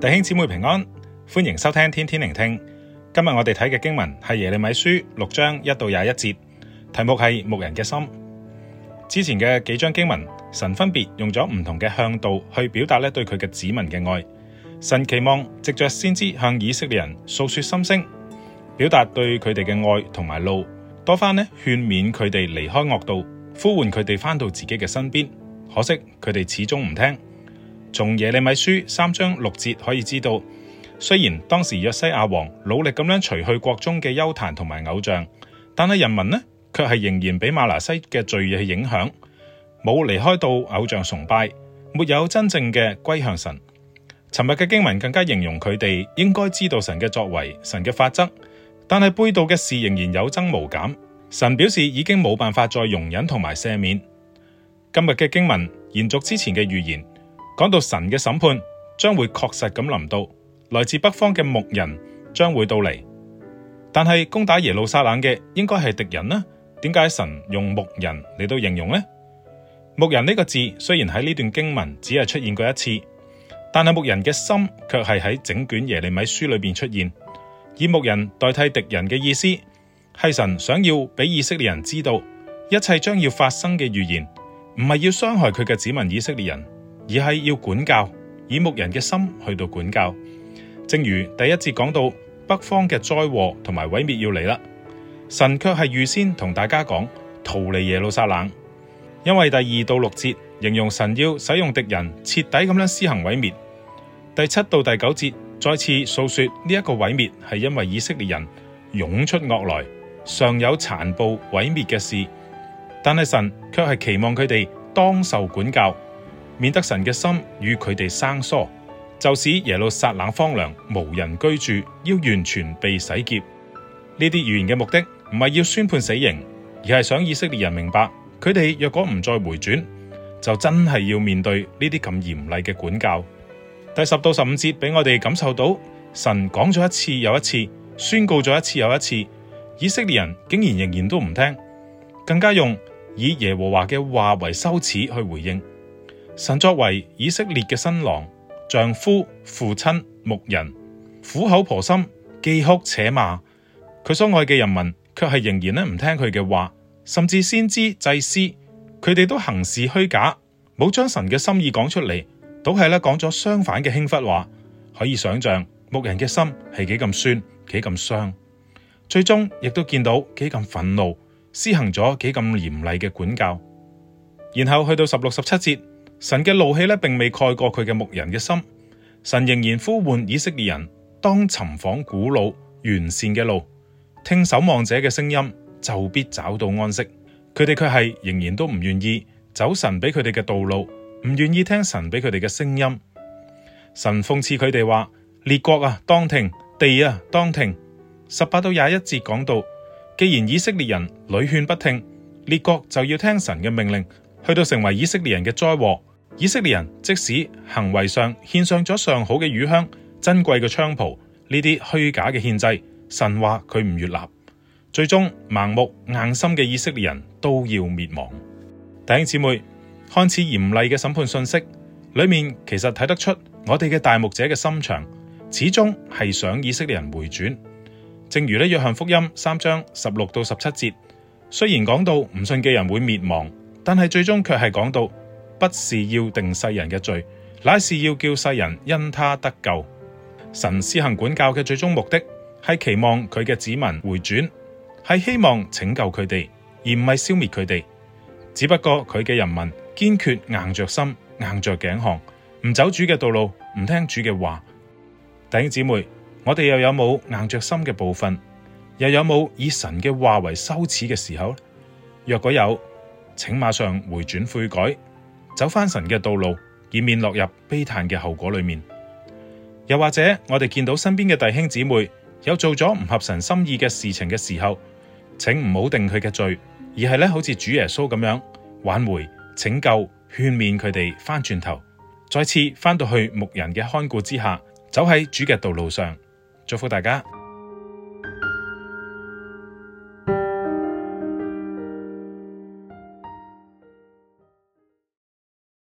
弟兄姊妹平安，歡迎收聽天天靈聽。今日我哋睇嘅經文係耶利米書六章一到廿一節，題目係牧人嘅心。之前嘅幾章經文，神分別用咗唔同嘅向度去表達咧對佢嘅子民嘅愛。神期望藉着先知向以色列人訴說心聲，表達對佢哋嘅愛同埋怒，多番呢勸勉佢哋離開惡道，呼喚佢哋返到自己嘅身邊。可惜佢哋始終唔聽。從耶利米書三章六節可以知道，雖然當時約西亞王努力咁樣除去國中嘅邱壇同埋偶像，但係人民呢，卻係仍然俾馬拿西嘅罪業影響，冇離開到偶像崇拜，沒有真正嘅歸向神。尋日嘅經文更加形容佢哋應該知道神嘅作為、神嘅法則，但係背道嘅事仍然有增無減。神表示已經冇辦法再容忍同埋赦免。今日嘅經文延續之前嘅預言。講到神嘅審判將會確實咁臨到，來自北方嘅牧人將會到嚟。但係攻打耶路撒冷嘅應該係敵人呢？點解神用牧人嚟到形容呢？「牧人」呢個字雖然喺呢段經文只係出現過一次，但係牧人嘅心卻係喺整卷耶利米書裏邊出現，以牧人代替敵人嘅意思，係神想要俾以色列人知道一切將要發生嘅預言，唔係要傷害佢嘅子民以色列人。而係要管教，以牧人嘅心去到管教。正如第一節講到北方嘅災禍同埋毀滅要嚟啦，神卻係預先同大家講，逃離耶路撒冷。因為第二到六節形容神要使用敵人徹底咁樣施行毀滅。第七到第九節再次訴說呢一個毀滅係因為以色列人湧出惡來，尚有殘暴毀滅嘅事，但係神卻係期望佢哋當受管教。免得神嘅心與佢哋生疏，就使耶路撒冷荒涼，無人居住，要完全被洗劫。呢啲預言嘅目的唔係要宣判死刑，而係想以色列人明白，佢哋若果唔再回轉，就真係要面對呢啲咁嚴厲嘅管教。第十到十五節俾我哋感受到，神講咗一次又一次，宣告咗一次又一次，以色列人竟然仍然都唔聽，更加用以耶和華嘅話為羞恥去回應。神作為以色列嘅新郎、丈夫、父親、牧人，苦口婆心，既哭且罵。佢所愛嘅人民卻係仍然咧唔聽佢嘅話，甚至先知祭司，佢哋都行事虛假，冇將神嘅心意講出嚟，倒係咧講咗相反嘅輕忽話。可以想象牧人嘅心係幾咁酸，幾咁傷，最終亦都見到幾咁憤怒，施行咗幾咁嚴厲嘅管教。然後去到十六十七節。神嘅怒氣咧，并未蓋過佢嘅牧人嘅心，神仍然呼喚以色列人當尋訪古老完善嘅路，聽守望者嘅聲音，就必找到安息。佢哋却係仍然都唔願意走神畀佢哋嘅道路，唔願意聽神畀佢哋嘅聲音。神諷刺佢哋話：列國啊，當聽；地啊，當聽。十八到廿一節講到，既然以色列人屢勸不聽，列國就要聽神嘅命令，去到成為以色列人嘅災禍。以色列人即使行為上獻上咗上好嘅乳香、珍貴嘅菖蒲呢啲虛假嘅獻祭，神話佢唔悅納。最終盲目硬心嘅以色列人都要滅亡。弟兄姊妹，看似嚴厲嘅審判信息，裏面其實睇得出我哋嘅大牧者嘅心腸，始終係想以色列人回轉。正如呢約翰福音三章十六到十七節，雖然講到唔信嘅人會滅亡，但係最終卻係講到。不是要定世人嘅罪，乃是要叫世人因他得救。神施行管教嘅最終目的係期望佢嘅子民回轉，係希望拯救佢哋，而唔係消滅佢哋。只不過佢嘅人民堅決硬着心、硬着頸項，唔走主嘅道路，唔聽主嘅話。弟兄姊妹，我哋又有冇硬着心嘅部分？又有冇以神嘅話為羞恥嘅時候？若果有，請馬上回轉悔改。走翻神嘅道路，以免落入悲嘆嘅後果裏面。又或者，我哋見到身邊嘅弟兄姊妹有做咗唔合神心意嘅事情嘅時候，請唔好定佢嘅罪，而係咧好似主耶穌咁樣挽回、拯救、勸勉佢哋翻轉頭，再次翻到去牧人嘅看顧之下，走喺主嘅道路上。祝福大家。